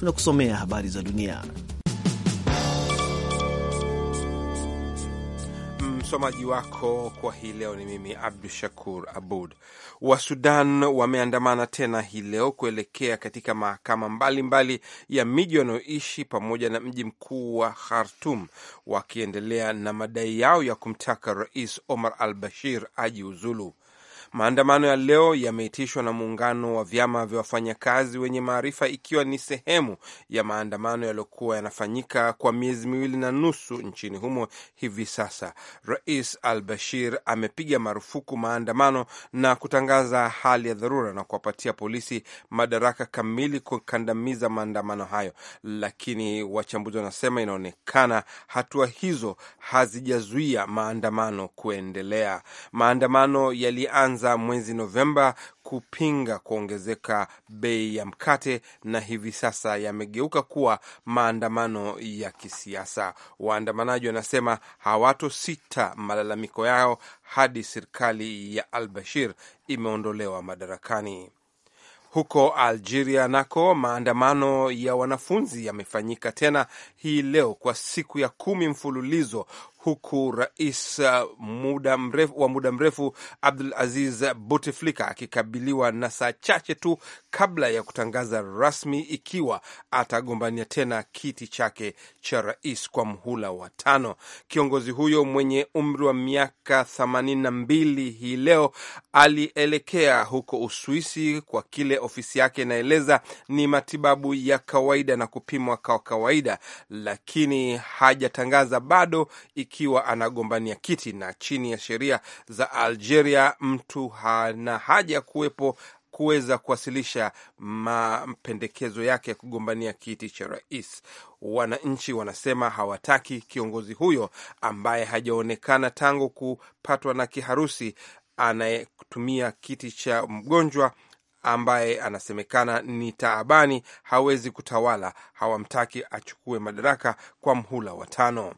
tunakusomea habari za dunia. Msomaji wako kwa hii leo ni mimi Abdu Shakur Abud. Wa Sudan wameandamana tena hii leo kuelekea katika mahakama mbalimbali ya miji wanayoishi pamoja na mji mkuu wa Khartum, wakiendelea na madai yao ya kumtaka Rais Omar al Bashir ajiuzulu. Maandamano ya leo yameitishwa na muungano wa vyama vya wafanyakazi wenye maarifa, ikiwa ni sehemu ya maandamano yaliyokuwa yanafanyika kwa miezi miwili na nusu nchini humo. Hivi sasa Rais Al Bashir amepiga marufuku maandamano na kutangaza hali ya dharura na kuwapatia polisi madaraka kamili kukandamiza maandamano hayo, lakini wachambuzi wanasema inaonekana hatua hizo hazijazuia maandamano kuendelea. Maandamano yalianza ilianza mwezi Novemba kupinga kuongezeka bei ya mkate na hivi sasa yamegeuka kuwa maandamano ya kisiasa. Waandamanaji wanasema hawatosita malalamiko yao hadi serikali ya al-Bashir imeondolewa madarakani. Huko Algeria nako maandamano ya wanafunzi yamefanyika tena hii leo kwa siku ya kumi mfululizo, huku rais uh, muda mrefu, wa muda mrefu Abdul Aziz Bouteflika akikabiliwa na saa chache tu kabla ya kutangaza rasmi ikiwa atagombania tena kiti chake cha rais kwa mhula wa tano. Kiongozi huyo mwenye umri wa miaka themanini na mbili hii leo alielekea huko Uswisi kwa kile ofisi yake inaeleza ni matibabu ya kawaida na kupimwa kwa kawaida, lakini hajatangaza bado ikiwa anagombania kiti, na chini ya sheria za Algeria mtu hana haja kuwepo kuweza kuwasilisha mapendekezo yake ya kugombania kiti cha rais. Wananchi wanasema hawataki kiongozi huyo ambaye hajaonekana tangu kupatwa na kiharusi anayetumia kiti cha mgonjwa ambaye anasemekana ni taabani, hawezi kutawala. Hawamtaki achukue madaraka kwa mhula wa tano.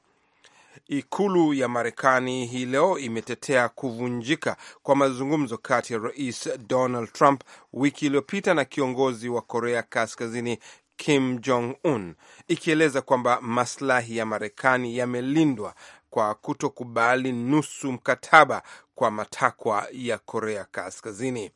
Ikulu ya Marekani hii leo imetetea kuvunjika kwa mazungumzo kati ya Rais Donald Trump wiki iliyopita na kiongozi wa Korea Kaskazini Kim Jong Un, ikieleza kwamba maslahi ya Marekani yamelindwa kwa kutokubali nusu mkataba kwa matakwa ya Korea Kaskazini.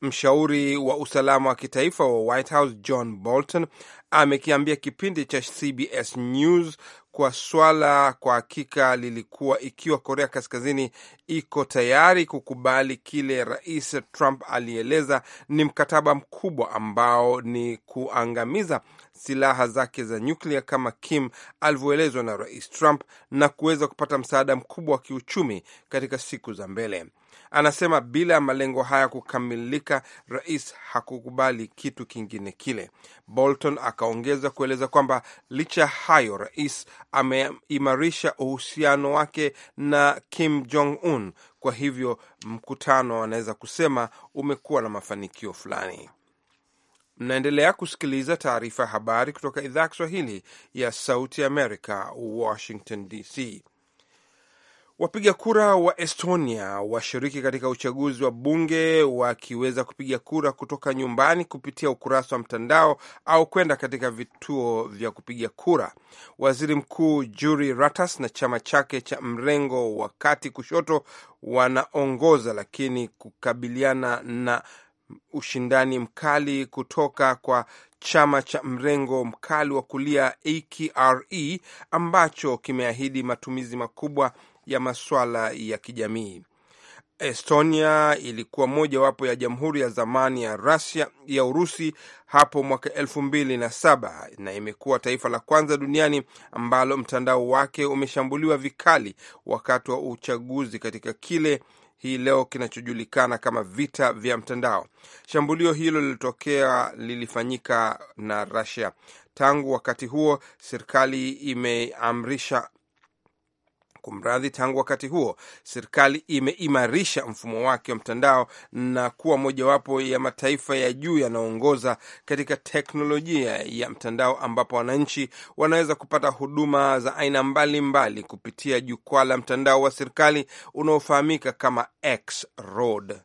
Mshauri wa usalama wa kitaifa wa White House John Bolton amekiambia kipindi cha CBS News kwa swala kwa hakika lilikuwa ikiwa Korea Kaskazini iko tayari kukubali kile Rais Trump alieleza ni mkataba mkubwa ambao ni kuangamiza silaha zake za nyuklia kama Kim alivyoelezwa na Rais Trump na kuweza kupata msaada mkubwa wa kiuchumi katika siku za mbele. Anasema bila ya malengo haya kukamilika, rais hakukubali kitu kingine kile. Bolton akaongeza kueleza kwamba licha hayo, rais ameimarisha uhusiano wake na Kim Jong Un, kwa hivyo mkutano anaweza kusema umekuwa na mafanikio fulani. Mnaendelea kusikiliza taarifa ya habari kutoka idhaa ya Kiswahili ya Sauti Amerika, Washington DC. Wapiga kura wa Estonia washiriki katika uchaguzi wa bunge wakiweza kupiga kura kutoka nyumbani kupitia ukurasa wa mtandao au kwenda katika vituo vya kupiga kura. Waziri Mkuu Juri Ratas na chama chake cha mrengo wa kati kushoto wanaongoza, lakini kukabiliana na ushindani mkali kutoka kwa chama cha mrengo mkali wa kulia AKRE ambacho kimeahidi matumizi makubwa ya masuala ya kijamii. Estonia ilikuwa mojawapo ya jamhuri ya zamani ya Russia, ya Urusi hapo mwaka elfu mbili na saba na imekuwa taifa la kwanza duniani ambalo mtandao wake umeshambuliwa vikali wakati wa uchaguzi katika kile hii leo kinachojulikana kama vita vya mtandao. Shambulio hilo lilitokea lilifanyika na rasia Tangu wakati huo serikali imeamrisha Kumradhi, tangu wakati huo serikali imeimarisha mfumo wake wa mtandao na kuwa mojawapo ya mataifa ya juu yanayoongoza katika teknolojia ya mtandao, ambapo wananchi wanaweza kupata huduma za aina mbalimbali mbali kupitia jukwaa la mtandao wa serikali unaofahamika kama X Road.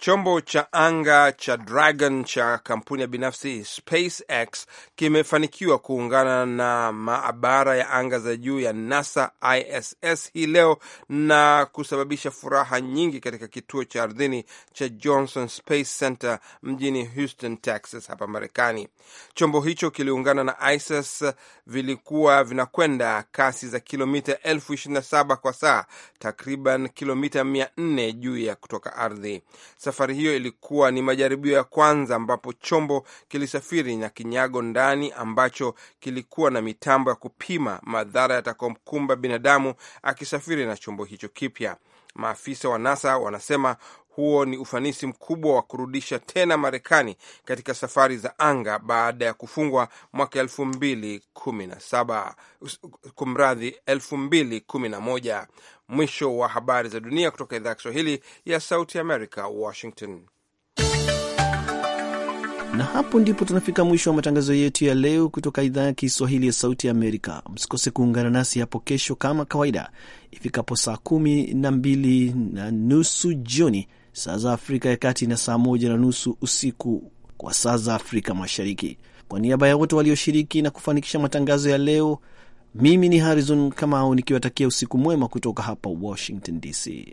Chombo cha anga cha Dragon cha kampuni ya binafsi SpaceX kimefanikiwa kuungana na maabara ya anga za juu ya NASA ISS hii leo na kusababisha furaha nyingi katika kituo cha ardhini cha Johnson Space Center mjini Houston, Texas hapa Marekani. Chombo hicho kiliungana na ISS, vilikuwa vinakwenda kasi za kilomita 27 kwa saa, takriban kilomita 4 juu ya kutoka ardhi. Safari hiyo ilikuwa ni majaribio ya kwanza ambapo chombo kilisafiri na kinyago ndani ambacho kilikuwa na mitambo ya kupima madhara yatakaomkumba binadamu akisafiri na chombo hicho kipya. Maafisa wa NASA wanasema huo ni ufanisi mkubwa wa kurudisha tena Marekani katika safari za anga baada ya kufungwa mwaka elfu mbili kumi na saba kumradhi elfu mbili kumi na moja. Mwisho wa habari za dunia kutoka idhaa ya Kiswahili ya Sauti America, Washington. Na hapo ndipo tunafika mwisho wa matangazo yetu ya leo kutoka idhaa ya Kiswahili ya Sauti ya Amerika. Msikose kuungana nasi hapo kesho kama kawaida ifikapo saa kumi na mbili na nusu jioni saa za Afrika ya Kati na saa moja na nusu usiku kwa saa za Afrika Mashariki. Kwa niaba ya wote walioshiriki na kufanikisha matangazo ya leo, mimi ni Harrison Kamau nikiwatakia usiku mwema kutoka hapa Washington DC.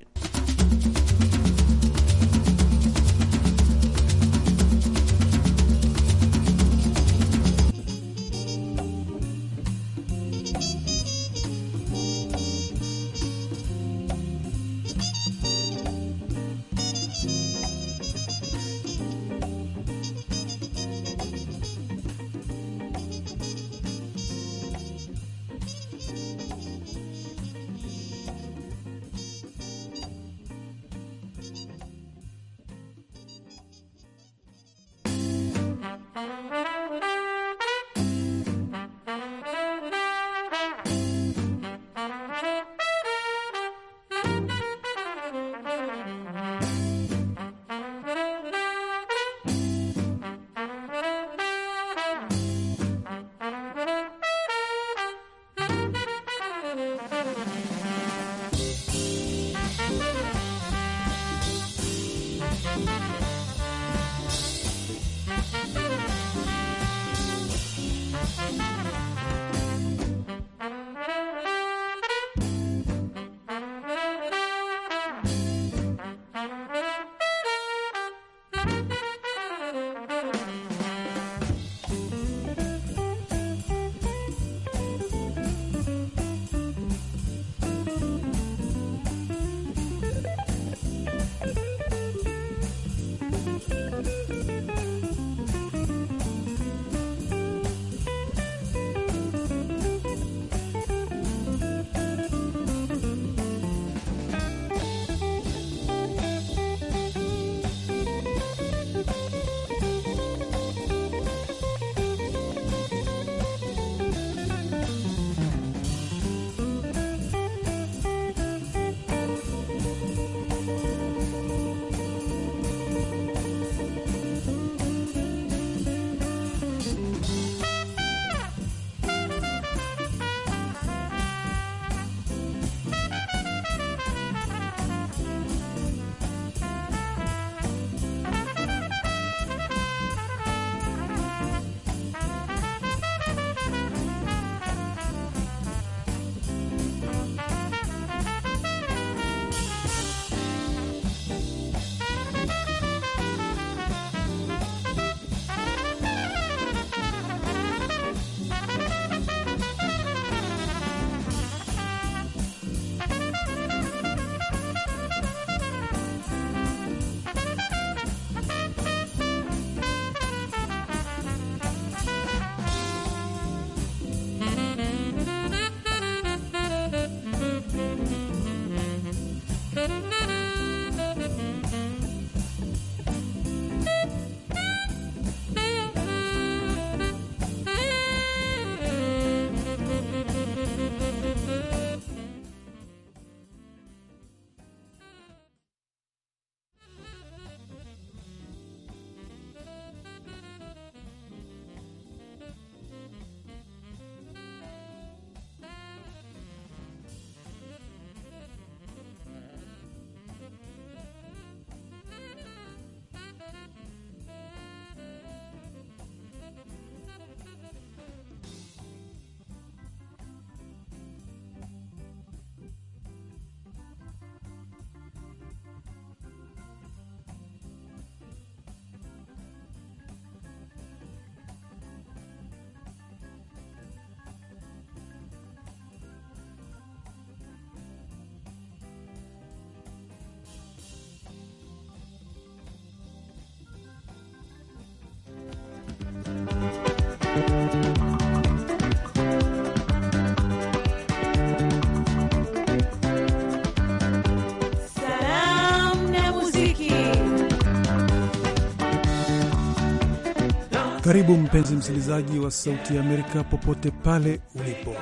Karibu mpenzi msikilizaji wa Sauti ya Amerika popote pale ulipo,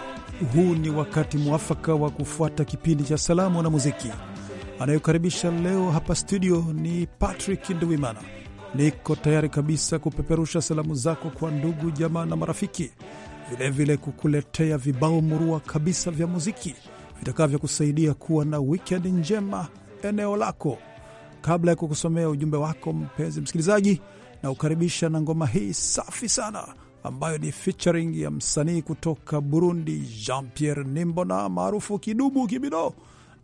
huu ni wakati mwafaka wa kufuata kipindi cha Salamu na Muziki. Anayokaribisha leo hapa studio ni Patrick Nduwimana. Niko tayari kabisa kupeperusha salamu zako kwa ndugu, jamaa na marafiki, vilevile kukuletea vibao murua kabisa vya muziki vitakavyokusaidia kuwa na wikendi njema eneo lako. Kabla ya kukusomea ujumbe wako, mpenzi msikilizaji, na kukaribisha na ngoma hii safi sana ambayo ni featuring ya msanii kutoka Burundi Jean Pierre Nimbona maarufu Kidubu Kibido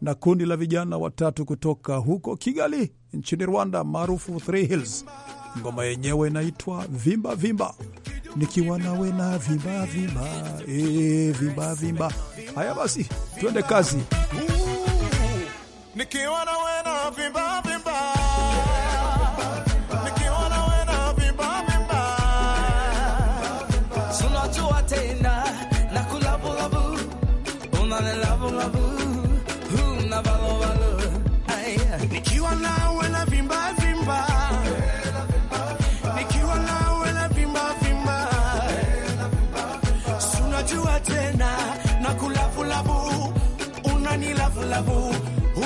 na kundi la vijana watatu kutoka huko Kigali nchini Rwanda maarufu Three Hills. Ngoma yenyewe inaitwa Vimba Vimba, nikiwa nawe na vimba vimba, e, vimba vimba. Haya basi, twende kazi. Ooh, na kulavulavu, unani lavulavu,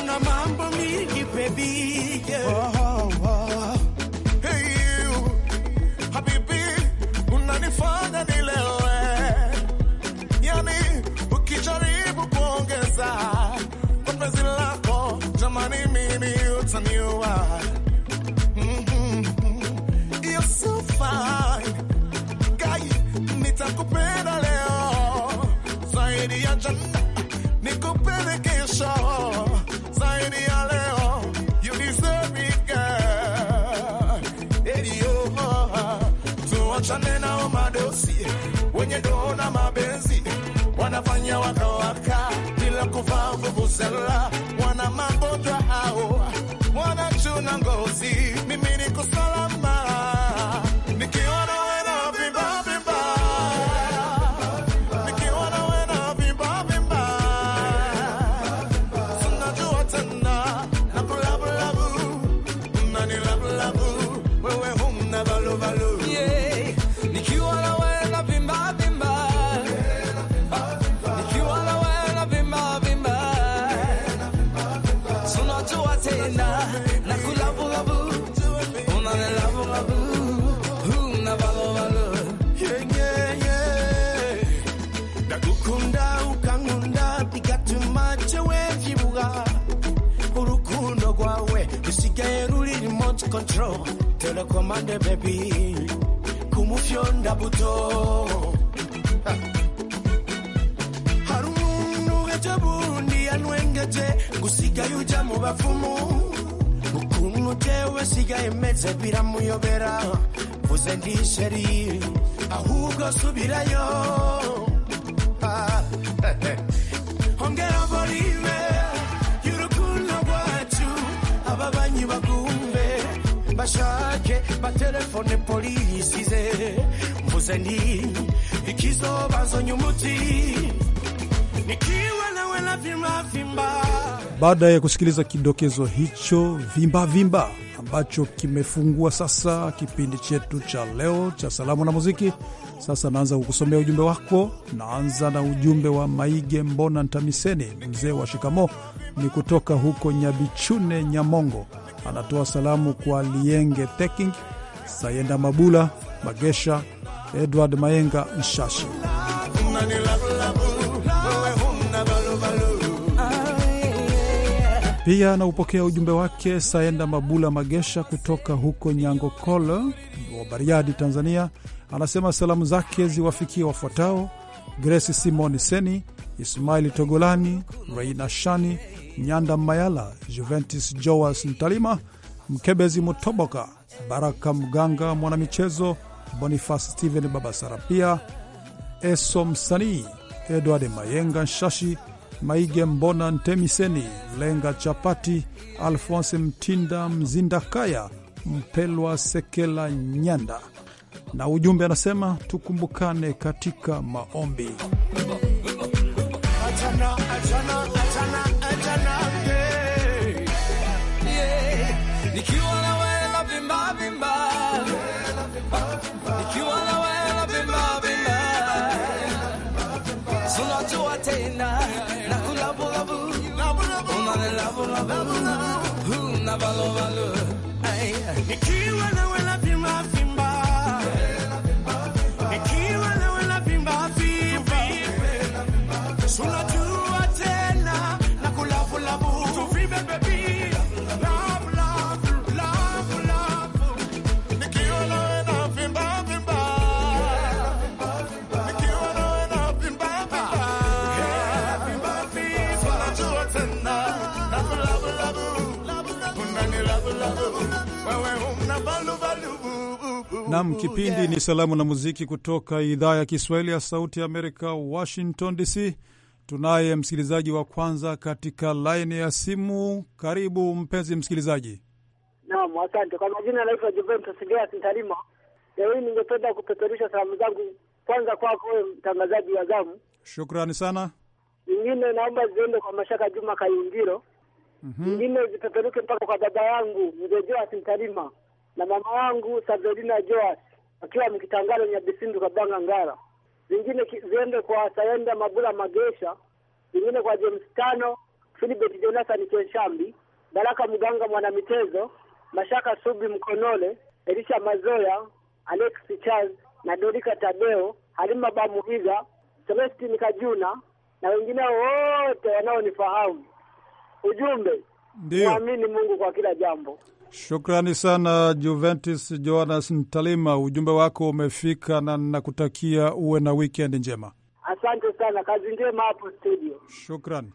una mambo mingi bebi Kenya wanawaka bila kuvaa vuvuzela, wana mabonjwa hao wanachuna ngozi mimi la buto harunu geje burundi yanwengeje ngusigaye uja mu bavumu ukuntu jewe sigaye meze biramuyobera vuze ndisheri ahubwo subirayo ongera boribe y'urukundo rwacu aba banyi bagumbe bashake batelefone polisi ze muzani ikizobazo nyumuti nikiwa nawe na vimba vimba. Baada ya kusikiliza kidokezo hicho vimba vimba ambacho kimefungua sasa kipindi chetu cha leo cha salamu na muziki. Sasa naanza kukusomea ujumbe wako. Naanza na ujumbe wa Maige Mbona Ntamiseni, mzee wa shikamo, ni kutoka huko Nyabichune, Nyamongo. Anatoa salamu kwa Lienge Teking, Sayenda Mabula, Magesha, Edward Mayenga, Nshashi. Pia anaupokea ujumbe wake Saenda Mabula Magesha kutoka huko Nyangokolo wa Bariadi, Tanzania. Anasema salamu zake ziwafikie wafuatao: Gresi Simoni Seni, Ismaili Togolani, Reina Shani, Nyanda Mayala, Juventus Joas Ntalima, Mkebezi Mutoboka, Baraka Mganga mwanamichezo Boniface Steven pia Eso Msanii, Edward Mayenga Nshashi, Maige Mbona Ntemiseni, Lenga Chapati, Alfonse Mtinda Mzindakaya, Mpelwa Sekela Nyanda. Na ujumbe anasema tukumbukane katika maombi. watoa tena na kulabulabu unanelabulabu na balobalo ikiwa na Nam, kipindi ni salamu na muziki kutoka idhaa ya Kiswahili ya Sauti ya Amerika, Washington DC. Tunaye msikilizaji wa kwanza katika laini ya simu. Karibu mpenzi msikilizaji. nam asante kwa majina. Anaitwa Jove Geas Ntalima. Leo hii ningependa kupeperusha salamu zangu kwanza kwako wewe mtangazaji wa zamu. Shukrani sana. Nyingine naomba ziende kwa Mashaka Juma Kayungiro milima mhm. mm -hmm. Zipeperuke mpaka kwa dada yangu mzee Joas Mtalima na mama yangu Savelina Joas akiwa Mkitangala Nyabisindu Kabanga Ngara, zingine ziende kwa Sayenda Mabula Magesha, zingine kwa James Tano jonasa Jonathan Kenshambi, Baraka Mganga mwanamitezo, Mashaka Subi Mkonole, Elisha Mazoya, Alex Charles na Dorika Tadeo, Halima Bamuhiga, Celestine Kajuna na wengineo wote wanaonifahamu ujumbe, muamini Mungu kwa kila jambo. Shukrani sana Juventus Johannes Ntalima, ujumbe wako umefika na nakutakia uwe na weekend njema. Asante sana, kazi njema hapo studio. Shukrani.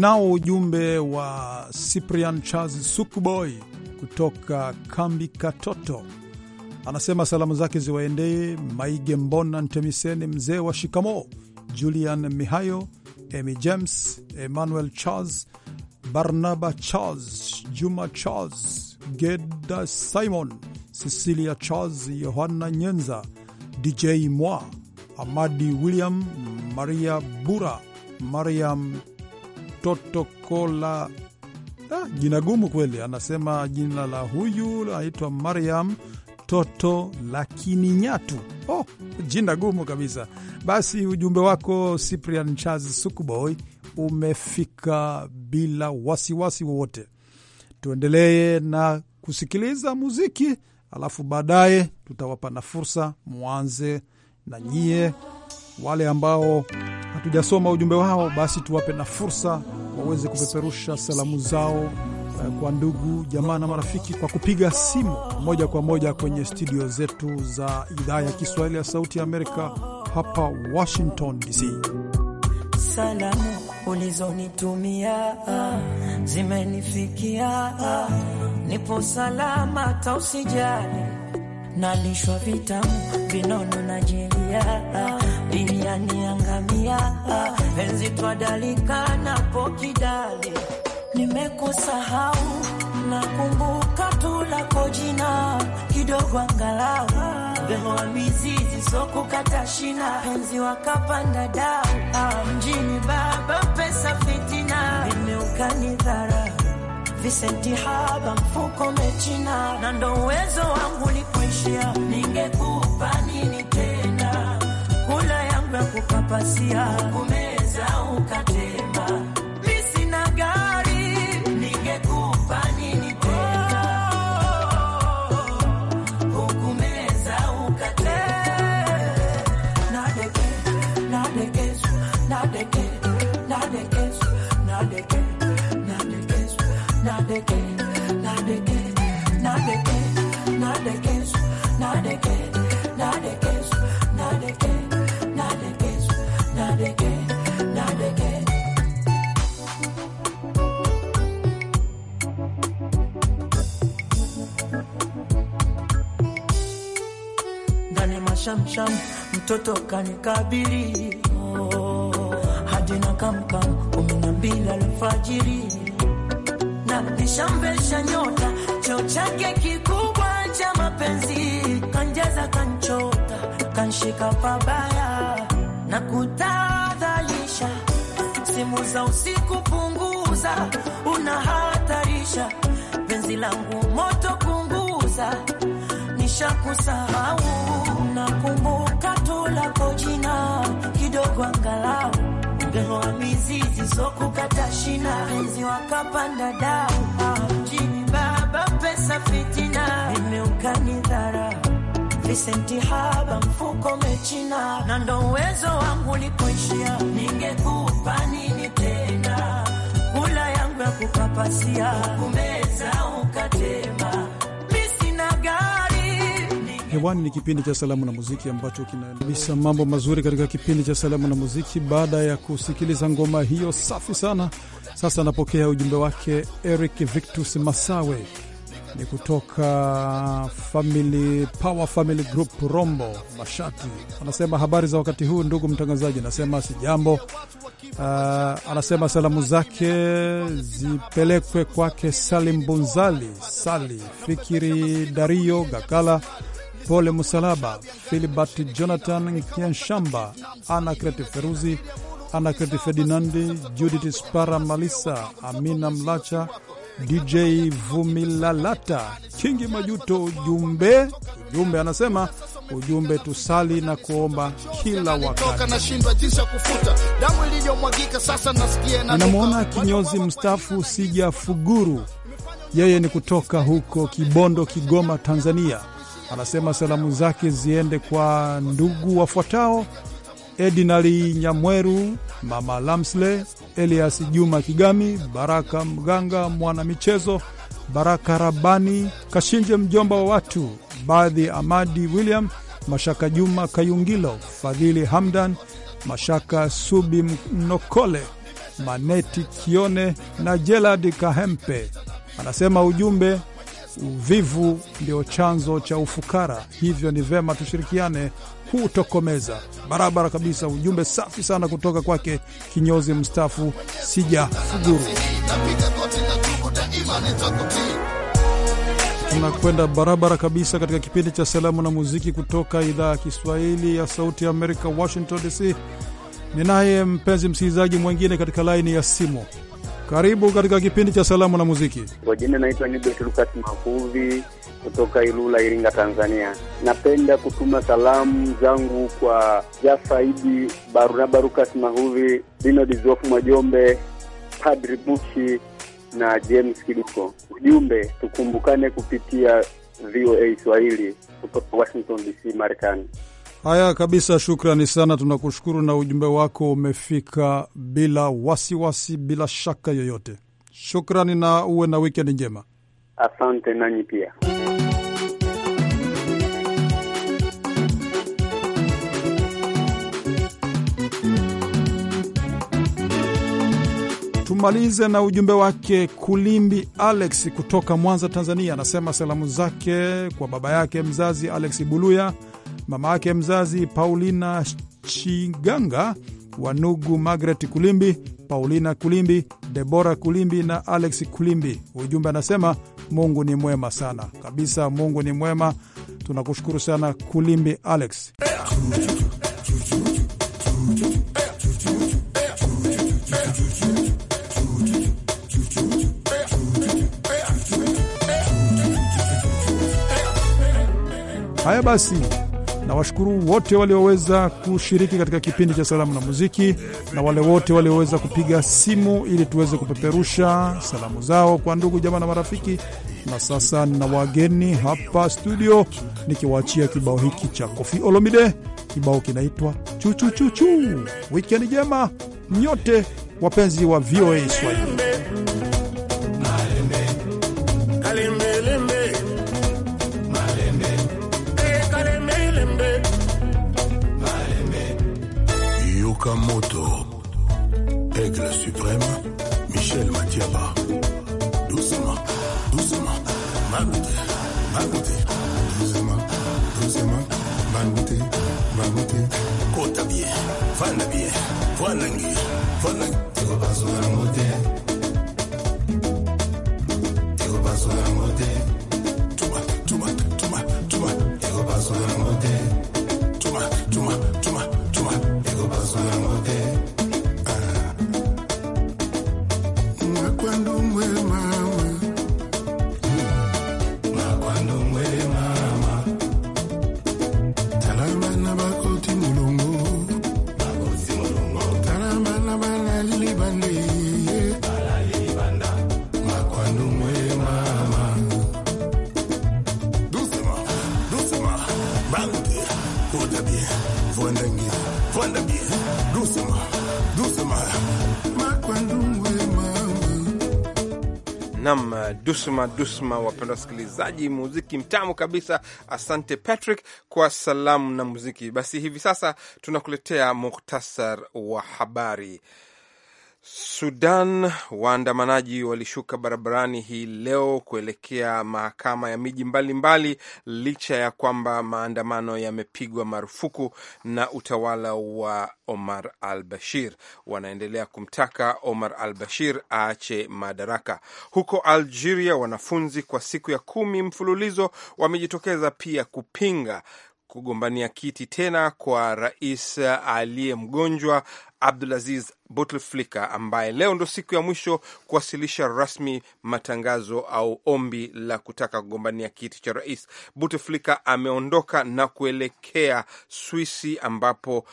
nao ujumbe wa Cyprian Charles Sukboy kutoka kambi Katoto, anasema salamu zake ziwaendee Maige Mbona, Ntemiseni, mzee wa shikamoo, Julian Mihayo, Emy James, Emmanuel Charles, Barnaba Charles, Juma Charles, Geda Simon, Cecilia Charles, Yohanna Nyenza, DJ Mwa, Amadi William, Maria Bura, Mariam Totokola. Ah, jina gumu kweli. Anasema jina la huyu anaitwa Mariam Toto Nyatu. Oh, jina gumu kabisa. Basi ujumbe wako Cyprian Charles Sukuboy umefika bila wasiwasi wowote. Tuendelee na kusikiliza muziki, alafu baadaye tutawapa na fursa mwanze na nyie wale ambao hatujasoma ujumbe wao, basi tuwape na fursa waweze kupeperusha salamu zao eh, kwa ndugu jamaa na marafiki kwa kupiga simu moja kwa moja kwenye studio zetu za idhaa ya Kiswahili ya Sauti ya Amerika hapa Washington DC. Salamu ulizonitumia zimenifikia, nipo salama, tausijali nalishwa vitamu vinono na jelia diriani angamia enzi twadalika napokidali nimekusahau nakumbuka tulako jina kidogo angalau wa mizizi sokukata shina penzi wakapanda dau mjini baba pesa fitina nimeukani visenti haba mfuko mechina na ndo uwezo wangu nikoishia, ningekupa nini tena? Kula yangu ya kukapasia Shamsham mtoto kanikabili oh, hadi na kamkam kumi na mbili alfajiri na nishambesha nyota cheo chake kikubwa cha mapenzi kanijaza, kanchota, kanshika pabaya na kutadhalisha. Simu za usiku punguza, unahatarisha penzi langu moto, punguza, nishakusahau nakumbuka tulako jina kidogo, angalau ungeloa mizizi kukata shina, penzi wakapanda dau mjini, baba pesa fitina, imeukanidha visenti haba mfuko mechina na ndo uwezo wangu likoishia. Ningekupa nini tena? Kula yangu ya kukapasia kumeza ukatema Hewani ni kipindi cha salamu na muziki ambacho kinabisa mambo mazuri katika kipindi cha salamu na muziki. Baada ya kusikiliza ngoma hiyo safi sana, sasa anapokea ujumbe wake Eric Victus Masawe ni kutoka family, Power Family Group Rombo Mashati. Anasema habari za wakati huu ndugu mtangazaji, anasema si jambo. Uh, anasema salamu zake zipelekwe kwake Salim Bunzali, Sali Fikiri, Dario Gakala, Pole Musalaba, Filibert Jonathan Kianshamba, Ana Kreti Feruzi, Ana Kreti Ferdinandi, Judith Spara Malisa, Amina Mlacha DJ Vumilalata Kingi Majuto. Ujumbe ujumbe anasema ujumbe tusali na kuomba kila wakati. Ninamwona kinyozi mstaafu Sija Fuguru, yeye ni kutoka huko Kibondo, Kigoma, Tanzania. Anasema salamu zake ziende kwa ndugu wafuatao: Edinali Nyamweru, Mama Lamsle, Elias Juma Kigami, Baraka Mganga mwana michezo Baraka Rabani Kashinje, mjomba wa watu baadhi, Amadi William Mashaka, Juma Kayungilo, Fadhili Hamdan, Mashaka Subi Mnokole, Maneti Kione na Jelad Kahempe. Anasema ujumbe, uvivu ndio chanzo cha ufukara, hivyo ni vema tushirikiane hutokomeza. Barabara kabisa, ujumbe safi sana kutoka kwake kinyozi mstafu Sija Fuguru. Tunakwenda barabara kabisa katika kipindi cha salamu na muziki kutoka idhaa ya Kiswahili ya Sauti ya Amerika, Washington DC. Ninaye mpenzi msikilizaji mwengine katika laini ya simu karibu katika kipindi cha salamu na muziki. Kwa jina naitwa Nibet Lukas Makuvi kutoka Ilula, Iringa, Tanzania. Napenda kutuma salamu zangu kwa Jafaidi Barunaba Lukas Mahuvi, Dino Dizofu Mwajombe, Padri Bushi na James Kiduko. Ujumbe, tukumbukane kupitia VOA Swahili kutoka Washington DC, Marekani. Haya kabisa, shukrani sana, tunakushukuru na ujumbe wako umefika bila wasiwasi wasi, bila shaka yoyote. Shukrani na uwe na wikendi njema. Asante nanyi pia. Tumalize na ujumbe wake Kulimbi Alex kutoka Mwanza, Tanzania. Anasema salamu zake kwa baba yake mzazi Alex Buluya mama yake mzazi Paulina Chiganga, wanugu Margaret Kulimbi, Paulina Kulimbi, Debora Kulimbi na Alex Kulimbi. Ujumbe anasema Mungu ni mwema sana kabisa, Mungu ni mwema. Tunakushukuru sana Kulimbi Alex. Haya basi na washukuru wote walioweza kushiriki katika kipindi cha salamu na muziki na wale wote walioweza kupiga simu ili tuweze kupeperusha salamu zao kwa ndugu jamaa na marafiki. Na sasa nina wageni hapa studio, nikiwaachia kibao hiki cha Kofi Olomide. Kibao kinaitwa chuchuchuchu. Wikendi njema nyote wapenzi wa VOA Swahili. dusma dusma. Wapendwa wasikilizaji, muziki mtamu kabisa. Asante Patrick kwa salamu na muziki. Basi hivi sasa tunakuletea muhtasar wa habari. Sudan, waandamanaji walishuka barabarani hii leo kuelekea mahakama ya miji mbalimbali licha ya kwamba maandamano yamepigwa marufuku na utawala wa Omar al Bashir. Wanaendelea kumtaka Omar al Bashir aache madaraka. Huko Algeria, wanafunzi kwa siku ya kumi mfululizo wamejitokeza pia kupinga kugombania kiti tena kwa rais aliye mgonjwa Abdulaziz Bouteflika ambaye leo ndo siku ya mwisho kuwasilisha rasmi matangazo au ombi la kutaka kugombania kiti cha rais. Bouteflika ameondoka na kuelekea Swisi ambapo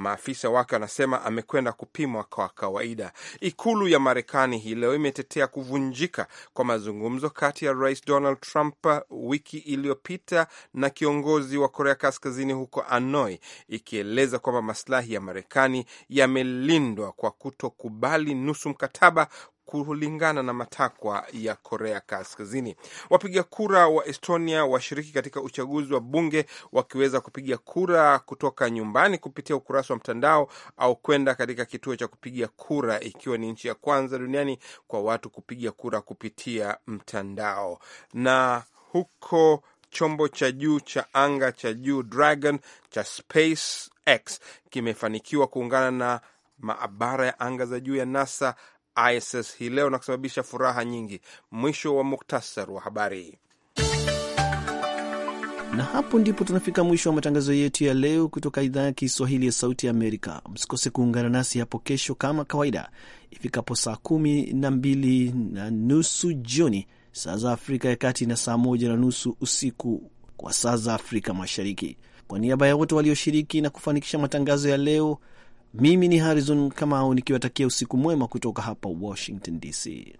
Maafisa wake wanasema amekwenda kupimwa kwa kawaida. Ikulu ya Marekani hii leo imetetea kuvunjika kwa mazungumzo kati ya Rais Donald Trump uh, wiki iliyopita na kiongozi wa Korea Kaskazini huko Hanoi, ikieleza kwamba masilahi ya Marekani yamelindwa kwa kutokubali nusu mkataba kulingana na matakwa ya Korea Kaskazini. Wapiga kura wa Estonia washiriki katika uchaguzi wa bunge wakiweza kupiga kura kutoka nyumbani kupitia ukurasa wa mtandao au kwenda katika kituo cha kupiga kura, ikiwa ni nchi ya kwanza duniani kwa watu kupiga kura kupitia mtandao. Na huko chombo cha juu cha anga cha juu Dragon cha SpaceX kimefanikiwa kuungana na maabara ya anga za juu ya NASA ISIS hii leo na kusababisha furaha nyingi. Mwisho wa muktasar wa habari na hapo ndipo tunafika mwisho wa matangazo yetu ya leo kutoka idhaa ya Kiswahili ya Sauti ya Amerika. Msikose kuungana nasi hapo kesho kama kawaida ifikapo saa kumi na mbili na nusu jioni saa za Afrika ya Kati na saa moja na nusu usiku kwa saa za Afrika Mashariki. Kwa niaba ya wote walioshiriki na kufanikisha matangazo ya leo, mimi ni Harrison Kamau nikiwatakia usiku mwema kutoka hapa Washington DC.